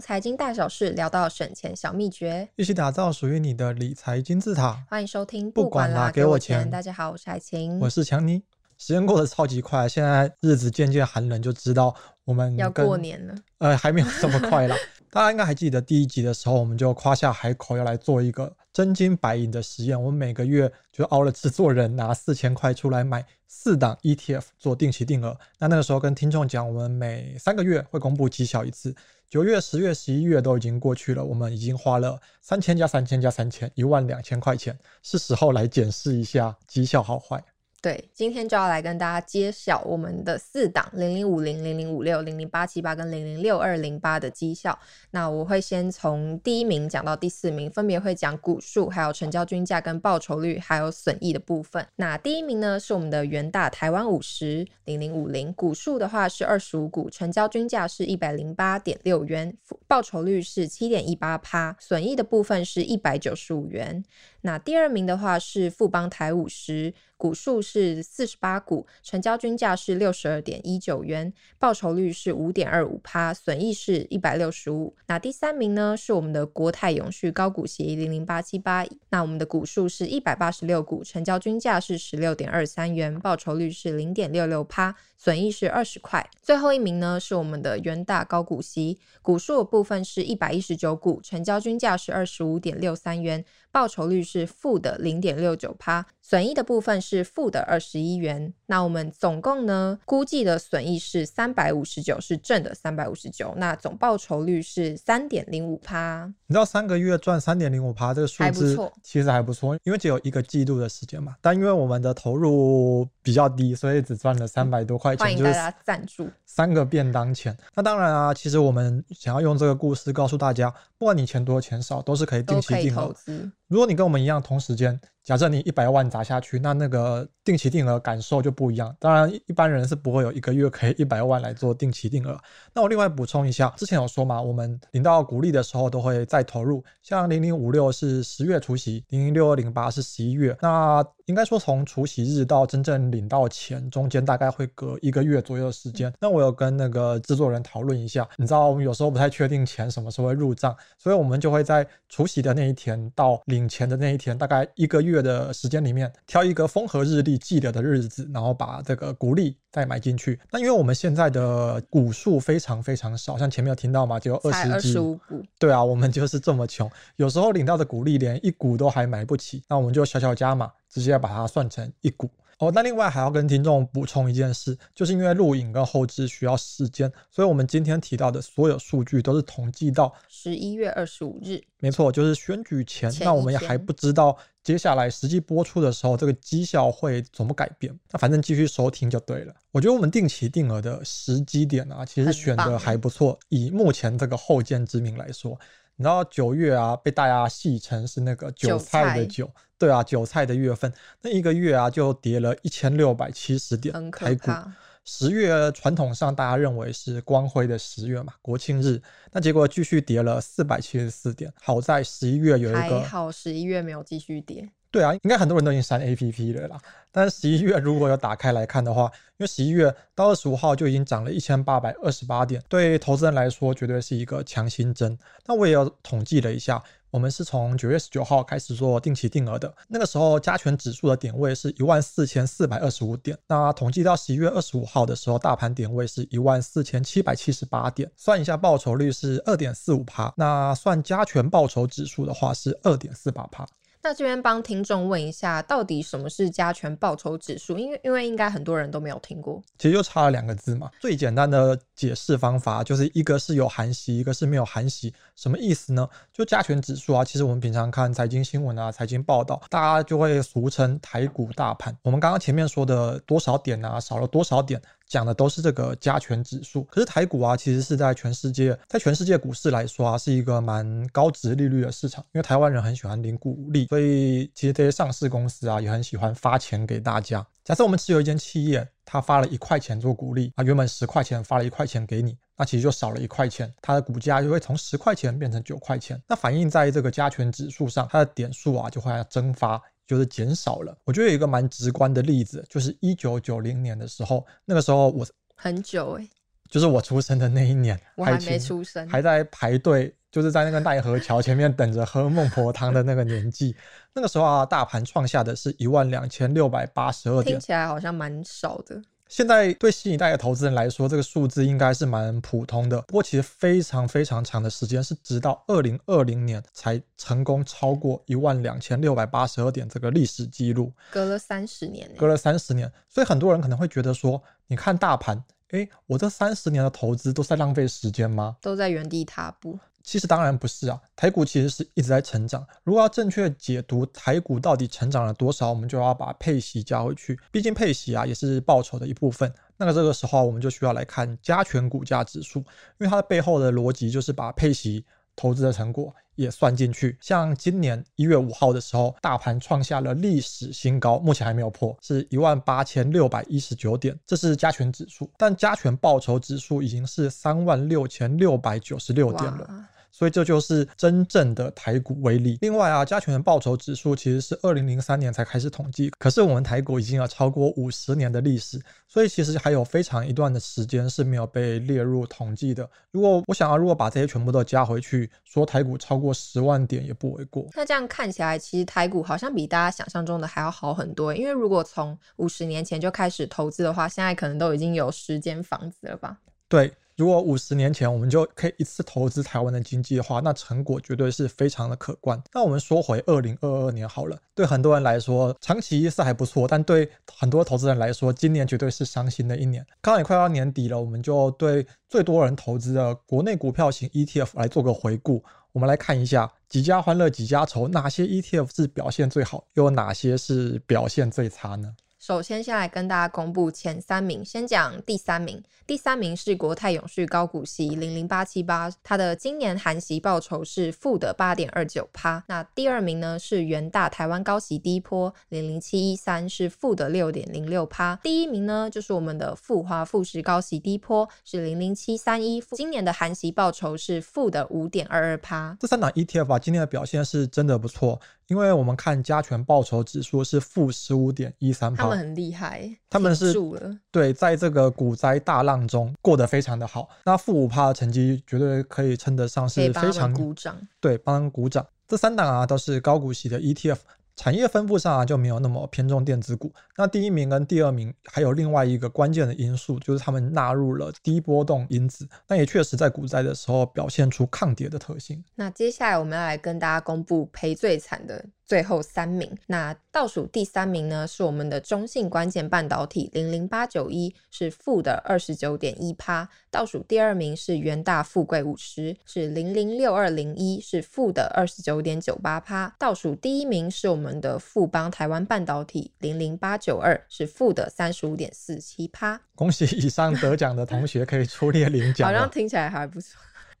財經大小事，聊到省錢小祕訣，一起打造屬於你的理財金字塔。歡迎收聽，不管啦，給我錢。大家好，我是海晴，我是強尼。時間過得超級快，現在日子漸漸寒冷，就知道我們要過年了。呃，還沒有這麼快啦。 大家應該還記得第一集的時候，我們就誇下海口，要來做一個真金白銀的實驗。我們每個月就熬了，制作人拿四千塊出來買四檔 ETF 做定期定額。那那個時候跟聽眾講，我們每三個月會公布績效一次。九月、十月、十一月都已經過去了，我們已經花了三千加三千加三千，一萬兩千塊錢，是時候來檢視一下績效好壞。對，今天就要來跟大家揭曉我們的四檔零零五零零零五六零零八七八跟零零六二零八的績效。那我會先從第一名講到第四名，分別會講股數、還有成交均價、跟報酬率、還有損益的部分。那第一名呢是我們的元大台灣五十零零五零股數的話是二十五股，成交均價是一百零八點六元，報酬率是七點一八趴，損益的部分是一百九十五元。那第二名的話是富邦台50，股數是四十八股，成交均價是六十二點一九元，報酬率是五點二五趴，損益是一百六十五。那第三名呢是我們的國泰永續高股息零零八七八，那我們的股數是一百八十六股，成交均價是十六點二三元，報酬率是零點六六趴，損益是二十塊。最後一名呢是我們的元大高股息，股數的部分是一百一十九股，成交均價是二十五點六三元，報酬率是是負的零點六九趴，損益的部分是負的二十一元。那我們總共呢，估計的損益是三百五十九，是正的三百五十九。那總報酬率是三點零五趴。你知道三個月賺三點零五趴這個數字，其實還不錯，因為只有一個季度的時間嘛。但因為我們的投入比較低，所以只賺了三百多塊錢，嗯、歡迎大家贊助三個便當錢。那當然啊，其實我們想要用這個故事告訴大家，不管你錢多錢少，都是可以定期定額投資。如果你跟我們一樣同時間。假設你一百萬砸下去，那那個定期定額感受就不一樣。當然，一般人是不會有一個月可以一百萬來做定期定額。那我另外補充一下，之前有說嘛，我們領到股利的時候都會再投入。像零零五六是十月除息，零零六二零八是十一月。那應該說從除息日到真正領到錢中間大概會隔一個月左右的時間。嗯、那我有跟那個製作人討論一下，你知道我們有時候不太確定錢什麼時候會入賬，所以我們就會在除息的那一天到領錢的那一天大概一個月的時間裡面挑一個風和日麗、記得的日子，然後把這個股利再買進去。那因為我們現在的股數非常非常少，像前面有聽到嘛，就二十幾股。對啊，我們就是這麼窮，有時候領到的股利連一股都還買不起。那我們就小小加碼，直接把它算成一股。哦，那另外還要跟聽眾補充一件事，就是因為錄影跟後製需要時間，所以我們今天提到的所有數據都是統計到十一月二十五日。沒錯，就是選舉前。前一天。那我們也還不知道。接下來實際播出的時候，這個績效會怎麼改變？那反正繼續收聽就對了。我覺得我們定期定額的時機點啊，其實選得還不錯。很棒。以目前這個後見之明來說，你知道九月啊，被大家戲稱是那個韭菜的韭，韭菜。對啊，韭菜的月份，那一個月啊就跌了一千六百七十點，台股。很可十月傳統上大家認為是光輝的十月嘛，國慶日，那結果繼續跌了四百七十四點。好在十一月有一個，還好十一月沒有繼續跌。對啊，應該很多人都已經刪 A P P 了啦。但是十一月如果要打開來看的話，因為十一月到二十五號就已經漲了一千八百二十八點，對投資人來說絕對是一個強心針。那我也要統計了一下，我們是從九月十九號開始做定期定額的，那個時候加權指數的點位是一萬四千四百二十五點。那統計到十一月二十五號的時候，大盤點位是一萬四千七百七十八點，算一下報酬率是二點四五趴，那算加權報酬指數的話是二點四八趴。那這邊幫聽眾問一下，到底什麼是加權報酬指數？因為因為應該很多人都沒有聽過。其實就差了兩個字嘛。最簡單的解釋方法就是一個是有含息，一個是沒有含息。什麼意思呢？就加權指數啊，其實我們平常看財經新聞啊、財經報道，大家就會俗稱台股大盤。我們剛剛前面說的多少點啊，少了多少點。講的都是這個加權指數，可是台股啊，其實是在全世界，在全世界股市來說啊，是一個蠻高殖利率的市場，因為台灣人很喜歡領股利，所以其實這些上市公司啊，也很喜歡發錢給大家。假設我們持有一間企業，它發了一塊錢做股利啊，原本十塊錢發了一塊錢給你，那其實就少了一塊錢，它的股價就會從十塊錢變成九塊錢，那反映在這個加權指數上，它的點數啊就會要蒸發。就是減少了，我覺得有一個蠻直觀的例子，就是一九九零年的時候，那個時候我很久誒、欸、就是我出生的那一年，我還沒出生，還在排隊，就是在那個奈何橋前面等着喝孟婆湯的那個年紀， 那個時候啊，大盤創下的是一萬兩千六百八十二點，聽起來好像蠻少的。現在對新一代的投資人來說，這個數字應該是蠻普通的。不過，其實非常非常長的時間是直到二零二零年才成功超過一萬兩千六百八十二點這個歷史記錄，隔了三十年，欸，隔了三十年。所以很多人可能會覺得說，你看大盤，誒，我這三十年的投資都在浪費時間嗎？都在原地踏步。其實當然不是啊，台股其實是一直在成長。如果要正確解讀台股到底成長了多少，我們就要把配息加回去，畢竟配息啊也是報酬的一部分。那麼、個、這個時候啊，我們就需要來看加權股價指數，因為它的背後的邏輯就是把配息投資的成果也算進去。像今年一月五號的時候，大盤創下了歷史新高，目前還沒有破，是一萬八千六百一十九點，這是加權指數，但加權報酬指數已經是三萬六千六百九十六點了。所以這就是真正的台股威力。另外啊，加權的報酬指數其實是二零零三年才開始統計，可是我們台股已經有超過五十年的歷史，所以其實還有非常一段的時間是沒有被列入統計的。如果我想要、啊，如果把這些全部都加回去，說台股超過十萬點也不為過。那這樣看起來，其實台股好像比大家想象中的還要好很多。因為如果從五十年前就開始投資的話，現在可能都已經有十間房子了吧？對。如果五十年前我們就可以一次投資台灣的經濟的話，那成果絕對是非常的可觀。那我們說回二零二二年好了，對很多人來說，長期是還不錯，但對很多投資人來說，今年絕對是傷心的一年。剛好也快到年底了，我們就對最多人投資的國內股票型 ETF 來做個回顧。我們來看一下幾家歡樂幾家愁，哪些 ETF 是表現最好，又哪些是表現最差呢？首先，先來跟大家公布前三名。先講第三名，第三名是國泰永續高股息零零八七八，它的今年含息報酬是負的八點二九趴。那第二名呢，是元大台灣高息低波零零七一三，是負的六點零六趴。第一名呢，就是我們的富華富時高息低波是零零七三一，今年的含息報酬是負的五點二二趴。這三檔 ETF 啊，今年的表現是真的不錯，因為我們看加權報酬指數是負十五點一三趴。他們很厲害，他們是輸了。對，在這個股災大浪中過得非常的好。那負五趴的成績絕對可以稱得上是非常鼓掌。對，幫他們鼓掌。這三檔啊都是高股息的 ETF，產業分布上啊就沒有那麼偏重電子股。那第一名跟第二名還有另外一個關鍵的因素，就是他們納入了低波動因子，但也確實在股災的時候表現出抗跌的特性。那接下來我們要來跟大家公布賠最慘的。最後三名，那倒數第三名呢？是我們的中信關鍵半導體零零八九一，是負的二十九點一趴。倒數第二名是元大富櫃五十，是零零六二零一，是負的二十九點九八趴。倒數第一名是我們的富邦台灣半導體零零八九二，是負的三十五點四七趴。恭喜以上得獎的同學可以出列領獎。 好像聽起來還不錯。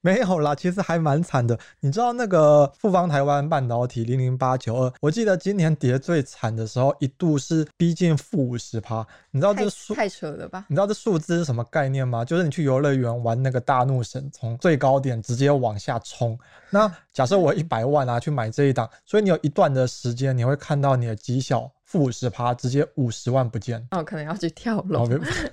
沒有啦，其實還蠻慘的。你知道那個富邦台灣半導體零零八九二，我記得今年跌最慘的時候，一度是逼近負五十趴。你知道這數太、太扯了吧？你知道這數字是什麼概念嗎？就是你去遊樂園玩那個大怒神，從最高點直接往下衝。那假設我一百萬啊、嗯、去買這一檔，所以你有一段的時間，你會看到你的績效。負五十趴，直接五十萬不見。我、哦、可能要去跳樓。Okay.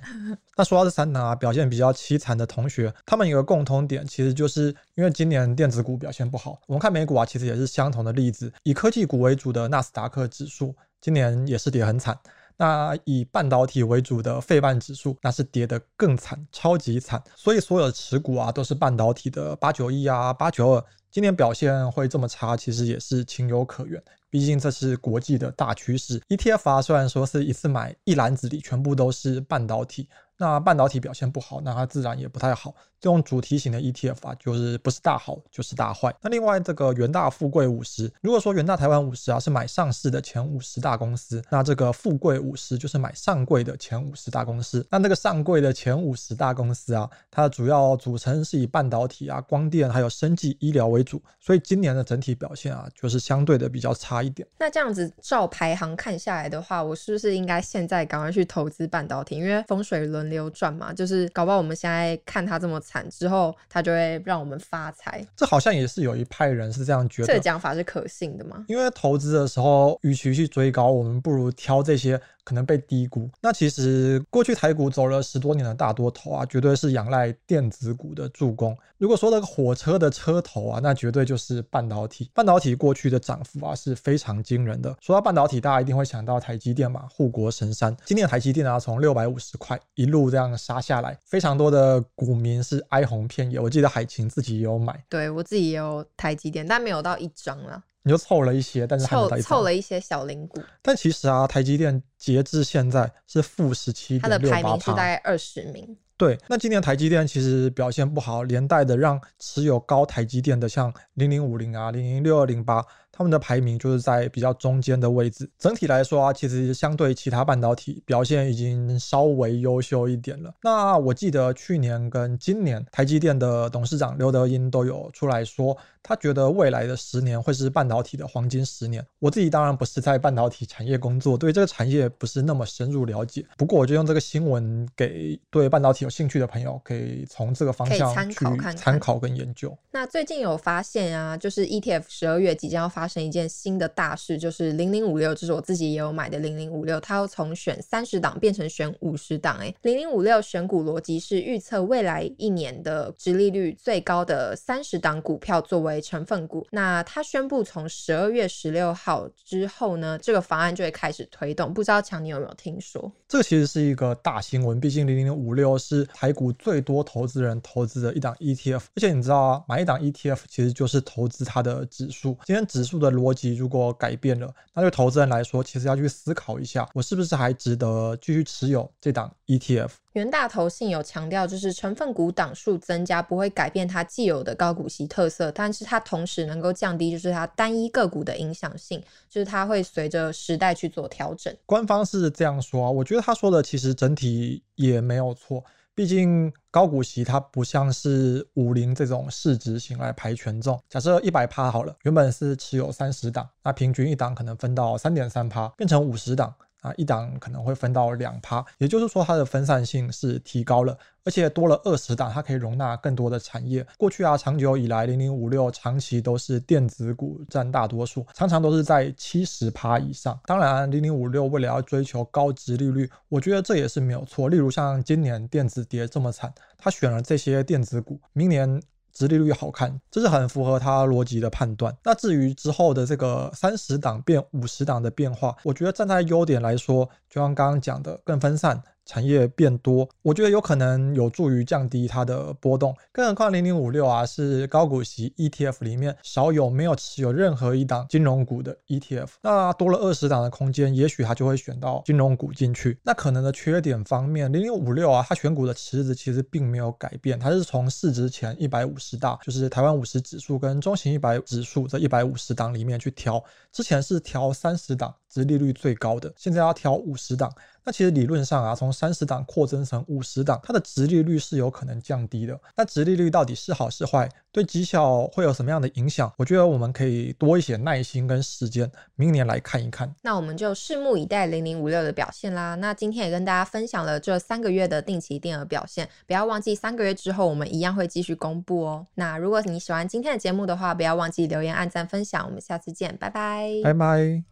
那說到這三檔啊，表現比較凄慘的同學，他們有一個共通點，其實就是因為今年電子股表現不好。我們看美股啊，其實也是相同的例子。以科技股為主的納斯達克指數，今年也是跌很慘。那以半導體為主的費半指數，那是跌得更慘，超級慘。所以所有的持股啊，都是半導體的八九一啊，八九二。今年表現會這麼差，其實也是情有可原，畢竟這是國際的大趨勢。ETF 啊，雖然說是一次買一籃子裡，全部都是半導體。那半導體表現不好，那它自然也不太好。這種主題型的 ETF 啊，就是不是大好就是大壞。那另外這個元大富貴五十，如果說元大台灣五十啊是買上市的前五十大公司，那這個富貴五十就是買上櫃的前五十大公司。那這個上櫃的前五十大公司啊，它的主要組成是以半導體啊、光電還有生技醫療為主，所以今年的整體表現啊，就是相對的比較差一點。那這樣子照排行看下來的話，我是不是應該現在趕快去投資半導體？因為風水輪。流轉嘛，就是搞不好我們現在看他這麼慘之後，他就會讓我們發財。這好像也是有一派人是這樣覺得。這個講法是可信的嗎？因為投資的時候，與其去追高，我們不如挑這些可能被低估。那其實過去台股走了十多年的大多頭啊，絕對是仰賴電子股的助攻。如果說那個火車的車頭啊，那絕對就是半導體。半導體過去的漲幅啊是非常驚人的。說到半導體，大家一定會想到台積電嘛，護國神山。今天的台積電啊，從六百五十塊一路。路這樣殺下來，非常多的股民是哀鴻遍野。我記得海清自己也有買，對我自己也有台積電，但沒有到一張了，你就湊了一些，但是還湊了一些小零股。但其實啊，台積電截至現在是負十七它的排名是大概二十名。對，那今年台積電其實表現不好，連帶的讓持有高台積電的像零零五零啊、零零六二零八。他們的排名就是在比較中間的位置。整體來說啊，其實相對其他半導體表現已經稍微優秀一點了。那我記得去年跟今年，台積電的董事長劉德音都有出來說，他覺得未來的十年會是半導體的黃金十年。我自己當然不是在半導體產業工作，對這個產業不是那麼深入了解。不過我就用這個新聞給對半導體有興趣的朋友，可以從這個方向去參考跟研究。看看。那最近有發現啊，就是 ETF 十二月即將要發。發生一件新的大事，就是零零五六，就是我自己也有買的零零五六，它要從選三十檔變成選五十檔哎。零零五六選股邏輯是預測未來一年的殖利率最高的三十檔股票作為成分股，那它宣布從十二月十六號之後呢，這個方案就會開始推動，不知道強你有沒有聽說？這其實是一個大新聞，畢竟0056是台股最多投資人投資的一檔 ETF，而且你知道啊，買一檔 ETF 其實就是投資它的指數。今天指數的邏輯如果改變了，那對投資人來說，其實要去思考一下，我是不是還值得繼續持有這檔 ETF。元大投信有強調，就是成分股檔數增加，不會改變它既有的高股息特色，但是它同時能夠降低，就是它單一個股的影響性，就是它會隨着時代去做調整。官方是這樣說啊，我覺得他說的其實整體也沒有錯，畢竟高股息它不像是五零這種市值型來排權重。假設一百趴好了，原本是持有三十檔，那平均一檔可能分到三點三趴，變成五十檔。啊，一檔可能會分到兩趴，也就是說它的分散性是提高了，而且多了二十檔，它可以容納更多的產業。過去啊，長久以來，零零五六長期都是電子股占大多數，常常都是在七十趴以上。當然，零零五六為了要追求高殖利率，我覺得這也是沒有錯。例如像今年電子跌這麼慘，他選了這些電子股，明年。殖利率好看，這是很符合他邏輯的判斷。那至於之後的這個三十檔變五十檔的變化，我覺得站在優點來說，就像剛剛講的，更分散。產業變多，我覺得有可能有助於降低它的波動。更何況零零五六啊是高股息 ETF 裡面少有沒有持有任何一檔金融股的 ETF。那多了二十檔的空間，也許它就會選到金融股進去。那可能的缺點方面，零零五六啊它選股的池子其實並沒有改變，它是從市值前一百五十檔，就是台灣五十指數跟中型一百指數這一百五十檔裡面去調，之前是調三十檔。殖利率最高的，現在要挑五十檔。那其實理論上啊，從三十檔擴增成五十檔，它的殖利率是有可能降低的。但殖利率到底是好是壞，對績效會有什麼樣的影響？我覺得我們可以多一些耐心跟時間，明年來看一看。那我們就拭目以待零零五六的表現啦。那今天也跟大家分享了這三個月的定期定額表現，不要忘記三個月之後我們一樣會繼續公布哦。那如果你喜歡今天的節目的話，不要忘記留言、按讚、分享。我們下次見，拜拜。拜拜。